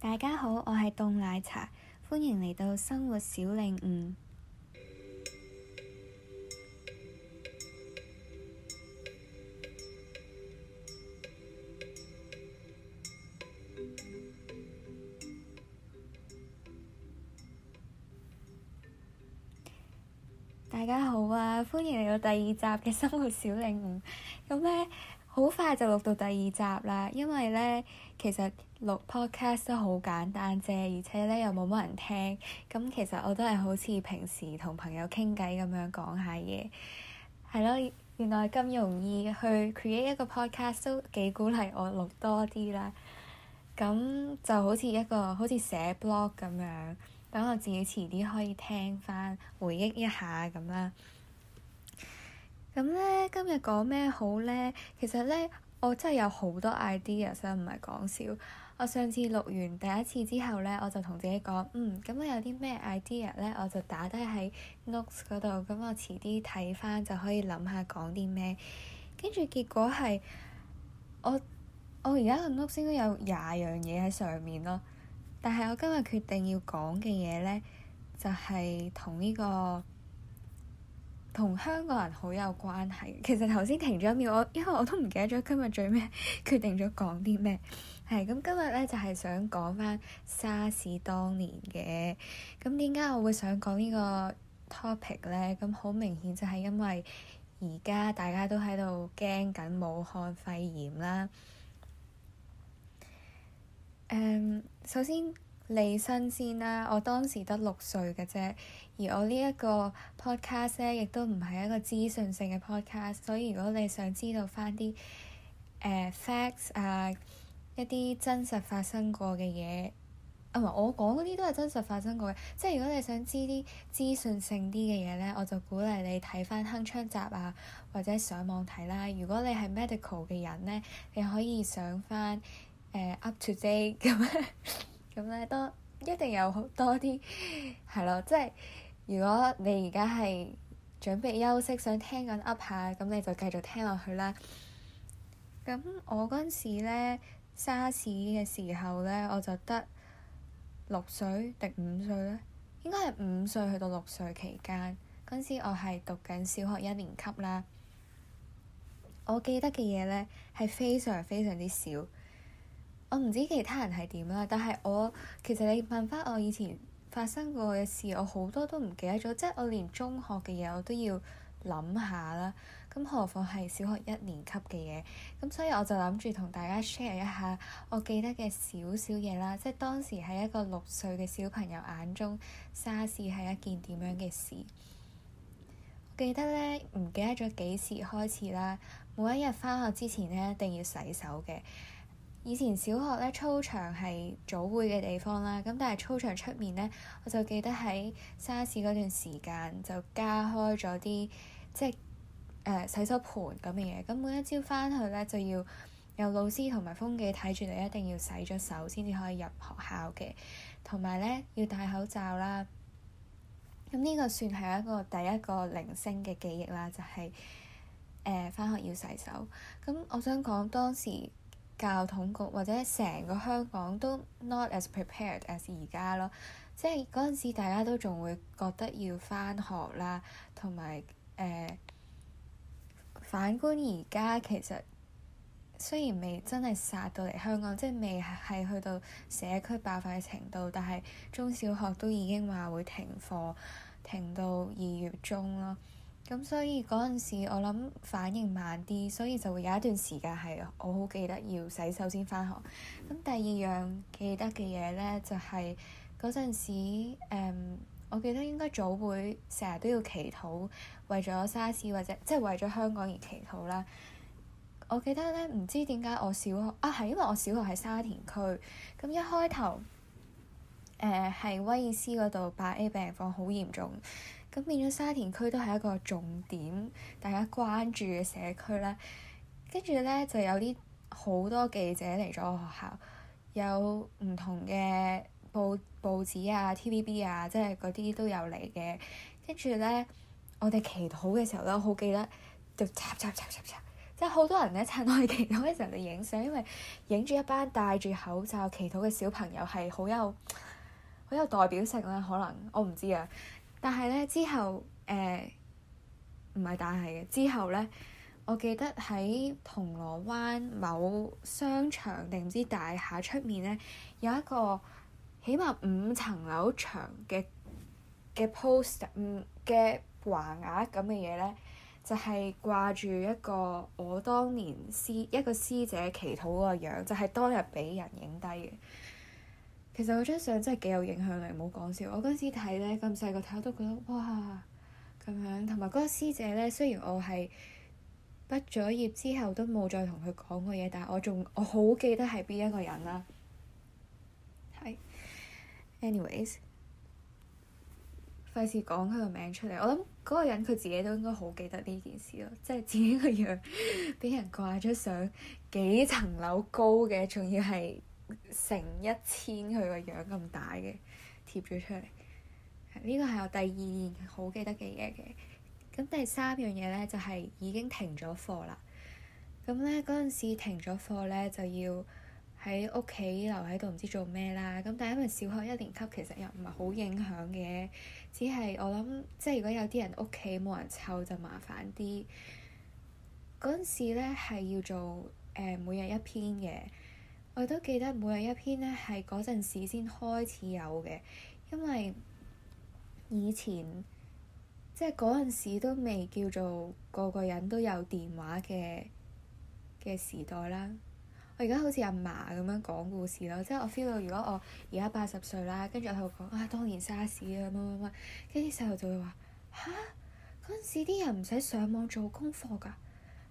大家好，我係凍奶茶，歡迎嚟到生活小領悟。大家好啊，歡迎嚟到第二集嘅生活小領悟，咁呢。好快就錄到第二集啦，因為呢，其實錄 podcast 都好簡單啫，而且呢又冇乜人聽，咁其實我都係好似平時同朋友傾偈咁樣講下嘢，係咯，原來咁容易去 create 一個 podcast 都幾鼓勵我錄多啲啦，咁就好似一個好似寫 blog 咁樣，等我自己遲啲可以聽翻回憶一下咁啦。咁咧今日講咩好咧？其實咧我真係有好多 idea，所以唔係講笑。我上次錄完第一次之後咧，我就同自己講，嗯，咁我有啲咩 idea 咧，我就打低喺 notes 嗰度，咁我遲啲睇翻就可以諗下講啲咩。跟住結果係我我而家個 notes 應該有廿樣嘢喺上面咯。但係我今日決定要講嘅嘢咧，就係同呢個。同香港人好有關係。其實頭先停咗一秒，我因為我都唔記得咗今日最尾 決定咗講啲咩。係咁，今日咧就係、是、想講翻沙士當年嘅。咁點解我會想講呢個 topic 咧？咁好明顯就係因為而家大家都喺度驚緊武漢肺炎啦。誒、嗯，首先。你新鮮啦！我當時得六歲嘅啫，而我呢一個 podcast 咧，亦都唔係一個資訊性嘅 podcast，所以如果你想知道翻啲誒 facts 啊，一啲真實發生過嘅嘢啊，唔係我講嗰啲都係真實發生過嘅。即係如果你想知啲資訊性啲嘅嘢咧，我就鼓勵你睇翻《鏗鏘集》啊，或者上網睇啦。如果你係 medical 嘅人咧，你可以上翻誒 up to date 咁樣。 咁咧都一定有好多啲係咯，即係如果你而家係準備休息， 想聽緊 Up 下，咁 你就繼續聽落去啦。咁我嗰陣時咧，沙士嘅時候咧，我就得六歲定五歲咧，應該係五歲去到六歲期間。嗰陣時我係讀緊小學一年級啦。我記得嘅嘢咧係非常非常之少。我唔知其他人係點啦，但係我其實你問翻我以前發生過嘅事，我好多都唔記得咗，即係我連中學嘅嘢我都要諗下啦，咁何況係小學一年級嘅嘢，咁所以我就諗住同大家 share 一下我記得嘅少少嘢啦，即係當時喺一個六歲嘅小朋友眼中，沙士係一件點樣嘅事。我記得咧，唔記得咗幾時開始啦。每一日翻學之前咧，一定要洗手嘅。以前小學咧，操場係早會嘅地方啦。咁但係操場出面咧，我就記得喺沙士嗰段時間就加開咗啲即係誒、呃、洗手盆咁嘅嘢。咁每一朝翻去咧，就要有老師同埋風紀睇住你，一定要洗咗手先至可以入學校嘅，同埋咧要戴口罩啦。咁呢個算係一個第一個零星嘅記憶啦，就係誒翻學要洗手。咁我想講當時。教統局或者成個香港都 not as prepared as 而家咯，即係嗰陣時大家都仲會覺得要返學啦，同埋誒反觀而家其實雖然未真係殺到嚟香港，即係未係去到社區爆發嘅程度，但係中小學都已經話會停課，停到二月中咯。咁所以嗰陣時，我諗反應慢啲，所以就會有一段時間係我好記得要洗手先翻學。咁第二樣記得嘅嘢咧，就係嗰陣時，嗯，我記得應該早會成日都要祈禱，為咗沙士或者即係為咗香港而祈禱啦。我記得咧，唔知點解我小學啊，係因為我小學喺沙田區，咁一開頭誒係威爾斯嗰度八 A 病房好嚴重。咁變咗沙田區都係一個重點，大家關注嘅社區咧。跟住咧就有啲好多記者嚟咗我學校，有唔同嘅報報紙啊、TVB 啊，即係嗰啲都有嚟嘅。跟住咧，我哋祈禱嘅時候咧，好記得就插插插插插，即係好多人咧趁我哋祈禱嘅時候就影相，因為影住一班戴住口罩祈禱嘅小朋友係好有好有代表性啦。可能我唔知啊。但係咧之後，誒唔係但係嘅之後咧，我記得喺銅鑼灣某商場定唔知大廈出面咧，有一個起碼五層樓長嘅嘅 post，嘅、嗯、橫額咁嘅嘢咧，就係、是、掛住一個我當年師一個師姐祈禱個樣，就係、是、當日俾人影低嘅。其實嗰張相真係幾有影響力，唔好講笑。我嗰陣時睇咧，咁細個睇我都覺得哇咁樣，同埋嗰個師姐咧，雖然我係畢咗業之後都冇再同佢講過嘢，但係我仲我好記得係邊一個人啦、啊。係，Anyways，費事講佢個名出嚟。我諗嗰個人佢自己都應該好記得呢件事咯，即係自己個樣俾 人掛咗相幾層樓高嘅，仲要係。成一千佢個樣咁大嘅貼咗出嚟，呢個係我第二年好記得嘅嘢嘅。咁第三樣嘢咧就係已經停咗課啦。咁咧嗰陣時停咗課咧就要喺屋企留喺度唔知做咩啦。咁但係因為小學一年級其實又唔係好影響嘅，只係我諗即係如果有啲人屋企冇人湊就麻煩啲。嗰陣時咧係要做誒，每日一篇嘅。我都記得每日一篇咧，係嗰陣時先開始有嘅，因為以前即係嗰陣時都未叫做個個人都有電話嘅嘅時代啦。我而家好似阿嫲咁樣講故事咯，即係我 feel 到如果我而家八十歲啦，跟住我喺度講啊，當年沙士啊，乜乜乜，跟住啲細路就會話吓，嗰陣時啲人唔使上網做功課㗎。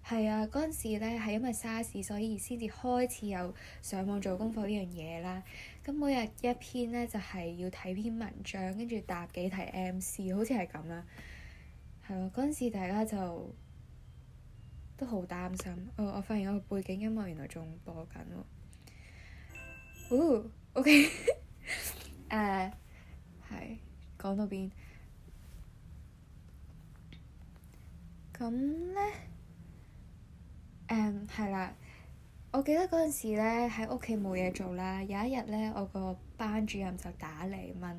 係啊，嗰陣時咧係因為沙士，所以先至開始有上網做功課呢樣嘢啦。咁每日一篇咧，就係、是、要睇篇文章，跟住答幾題 MC，好似係咁啦。係咯，嗰陣時大家就都好擔心。我、oh, 我發現我個背景音樂原來仲播緊喎。O K，誒，係講到邊？咁咧？誒係啦，我記得嗰陣時咧喺屋企冇嘢做啦。有一日咧，我個班主任就打嚟問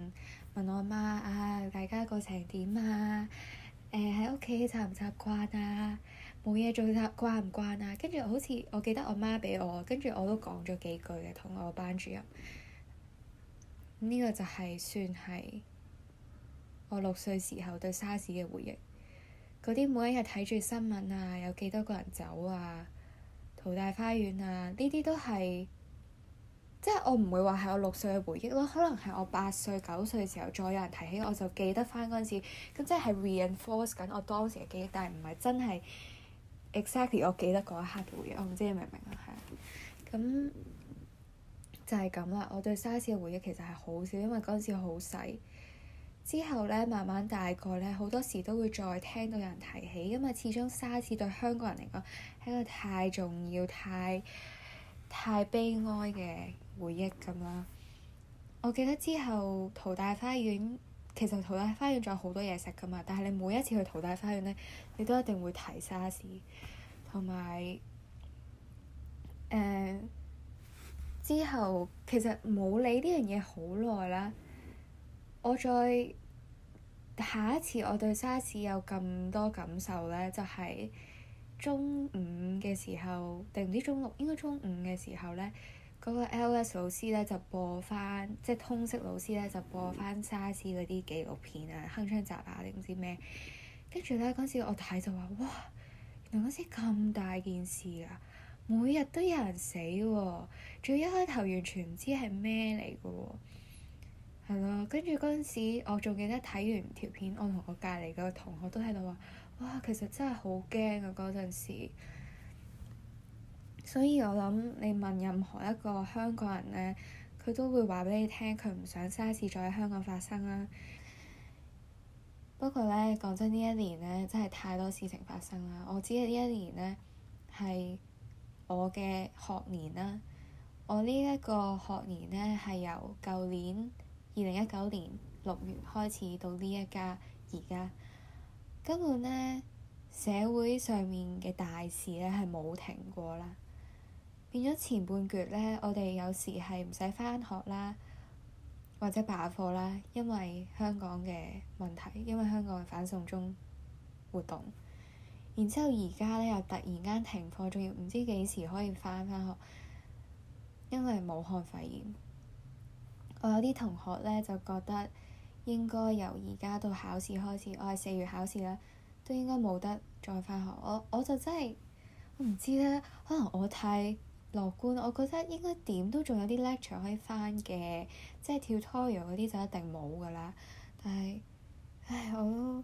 問我媽啊，大家個成點啊？誒喺屋企習唔習慣啊？冇嘢做習慣唔慣啊？跟住好似我記得我媽畀我，跟住我都講咗幾句嘅同我班主任。呢個就係算係我六歲時候對沙士嘅回憶。嗰啲每一日睇住新聞啊，有幾多個人走啊，淘大花園啊，呢啲都係，即係我唔會話係我六歲嘅回憶咯，可能係我八歲、九歲時候再有人提起，我就記得翻嗰陣時，咁即係 reinforce 緊我當時嘅記憶，但係唔係真係 exactly 我記得嗰一刻嘅回憶，我唔知你明唔明啊？係啊，咁就係咁啦。我對沙士嘅回憶其實係好少，因為嗰陣時好細。之後咧，慢慢大個咧，好多時都會再聽到有人提起，因為始終沙士對香港人嚟講係一個太重要、太太悲哀嘅回憶咁啦。我記得之後淘大花園，其實淘大花園仲有好多嘢食㗎嘛，但係你每一次去淘大花園咧，你都一定會提沙士，同埋誒之後其實冇理呢樣嘢好耐啦，我再。下一次我對沙士有咁多感受呢，就係、是、中五嘅時候定唔知中六，應該中五嘅時候呢，嗰、那個 LS 老師呢就播翻，即係通識老師呢就播翻、嗯、沙士嗰啲紀錄片啊、鏗鏘集啊定唔知咩，跟住呢，嗰時我睇就話哇，原來嗰時咁大件事啊，每日都有人死喎、啊，仲要一開頭完全唔知係咩嚟㗎喎。係咯，跟住嗰陣時，我仲記得睇完條片，我同我隔離嘅同學都喺度話，哇，其實真係好驚啊！嗰陣時，所以我諗你問任何一個香港人咧，佢都會話俾你聽，佢唔想沙士再喺香港發生啦。不過咧，講真，呢一年咧真係太多事情發生啦。我知呢一年咧係我嘅學年啦，我呢一個學年咧係由舊年，二零一九年六月開始到呢一家而家，根本呢社會上面嘅大事呢係冇停過啦。變咗前半橛呢，我哋有時係唔使返學啦，或者罷課啦，因為香港嘅問題，因為香港嘅反送中活動。然之後而家呢，又突然間停課，仲要唔知幾時可以翻返學，因為武漢肺炎。我有啲同學咧就覺得應該由而家到考試開始，我係四月考試啦，都應該冇得再返學。我我就真係我唔知咧，可能我太樂觀，我覺得應該點都仲有啲 lecture 可以返嘅，即係跳 tutorial 嗰啲就一定冇㗎喇。但係唉，我都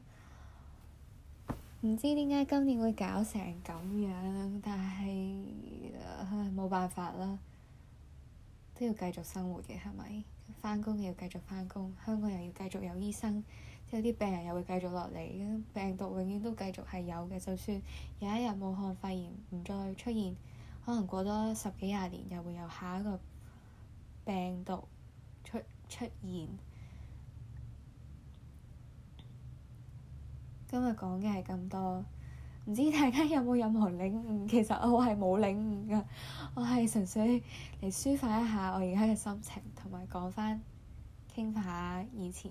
唔知點解今年會搞成咁樣，但係唉，冇辦法啦，都要繼續生活嘅係咪？是翻工要繼續翻工，香港又要繼續有醫生，之後啲病人又會繼續落嚟，病毒永遠都繼續係有嘅。就算有一日武漢肺炎唔再出現，可能過多十幾廿年又會有下一個病毒出出現。今日講嘅係咁多，唔知大家有冇任何領悟？其實我係冇領悟㗎，我係純粹嚟抒發一下我而家嘅心情。同埋講翻傾下以前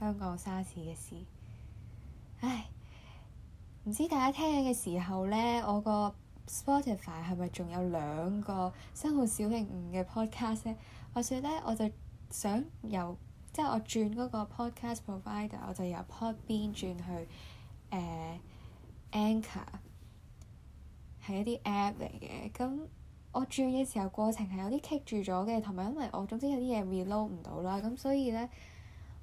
香港沙士嘅事，唉，唔知大家聽嘅時候咧，我個 Spotify 係咪仲有兩個《生活小靈悟》嘅 podcast 咧？或者咧，我就想由即係我轉嗰個 podcast provider，我就由 Podbean 轉去誒、呃、Anchor，係一啲 app 嚟嘅，咁。我轉嘅時候過程係有啲棘住咗嘅，同埋因為我總之有啲嘢 reload 唔到啦，咁所以咧，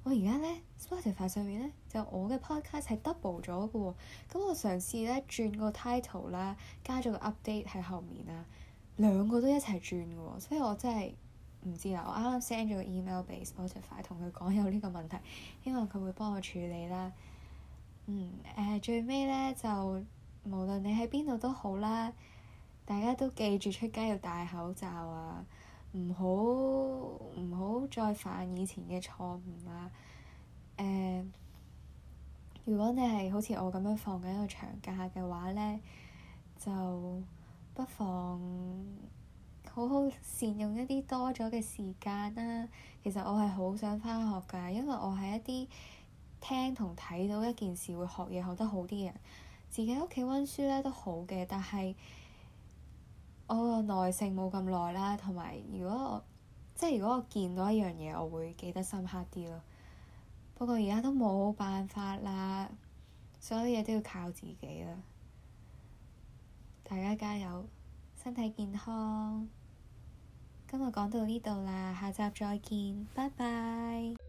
我而家咧 Spotify 上面咧就我嘅 podcast 係 double 咗嘅喎，咁我嘗試咧轉個 title 啦，加咗個 update 喺後面啊，兩個都一齊轉嘅喎，所以我真係唔知啦，我啱啱 send 咗個 email 俾 Spotify，同佢講有呢個問題，希望佢會幫我處理啦。嗯，誒、呃、最尾咧就無論你喺邊度都好啦。大家都記住出街要戴口罩啊！唔好唔好再犯以前嘅錯誤啦、啊。誒、呃，如果你係好似我咁樣放緊一個長假嘅話咧，就不妨好好善用一啲多咗嘅時間啦、啊。其實我係好想返學㗎，因為我係一啲聽同睇到一件事會學嘢學得好啲嘅人。自己屋企温書咧都好嘅，但係～我個耐性冇咁耐啦，同埋如果我即係如果我見到一樣嘢，我會記得深刻啲咯。不過而家都冇辦法啦，所有嘢都要靠自己啦。大家加油，身體健康。今日講到呢度啦，下集再見，拜拜。